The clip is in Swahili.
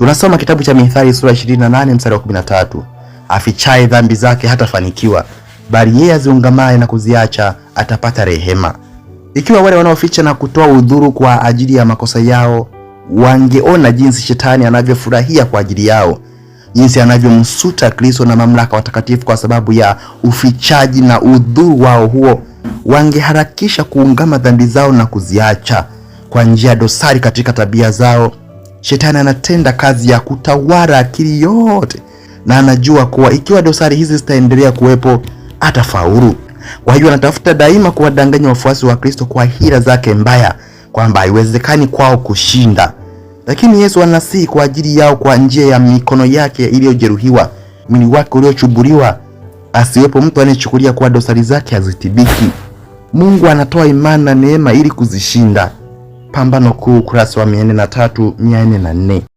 Tunasoma kitabu cha Mithali sura 28 mstari wa 13, afichaye dhambi zake hatafanikiwa, bali yeye aziungamaye na kuziacha atapata rehema. Ikiwa wale wanaoficha na kutoa udhuru kwa ajili ya makosa yao wangeona jinsi shetani anavyofurahia kwa ajili yao, jinsi anavyomsuta Kristo na mamlaka watakatifu kwa sababu ya ufichaji na udhuru wao huo, wangeharakisha kuungama dhambi zao na kuziacha kwa njia dosari katika tabia zao Shetani anatenda kazi ya kutawala akili yote, na anajua kuwa ikiwa dosari hizi zitaendelea kuwepo atafaulu. Kwa hiyo anatafuta daima kuwadanganya wafuasi wa Kristo kwa hila zake mbaya kwamba haiwezekani kwao kushinda, lakini Yesu anasihi kwa ajili yao kwa njia ya mikono yake iliyojeruhiwa, mwili wake uliochubuliwa. Asiwepo mtu anayechukulia kuwa dosari zake hazitibiki. Mungu anatoa imani na neema ili kuzishinda. Pambano Kuu, ukurasa wa 403 404.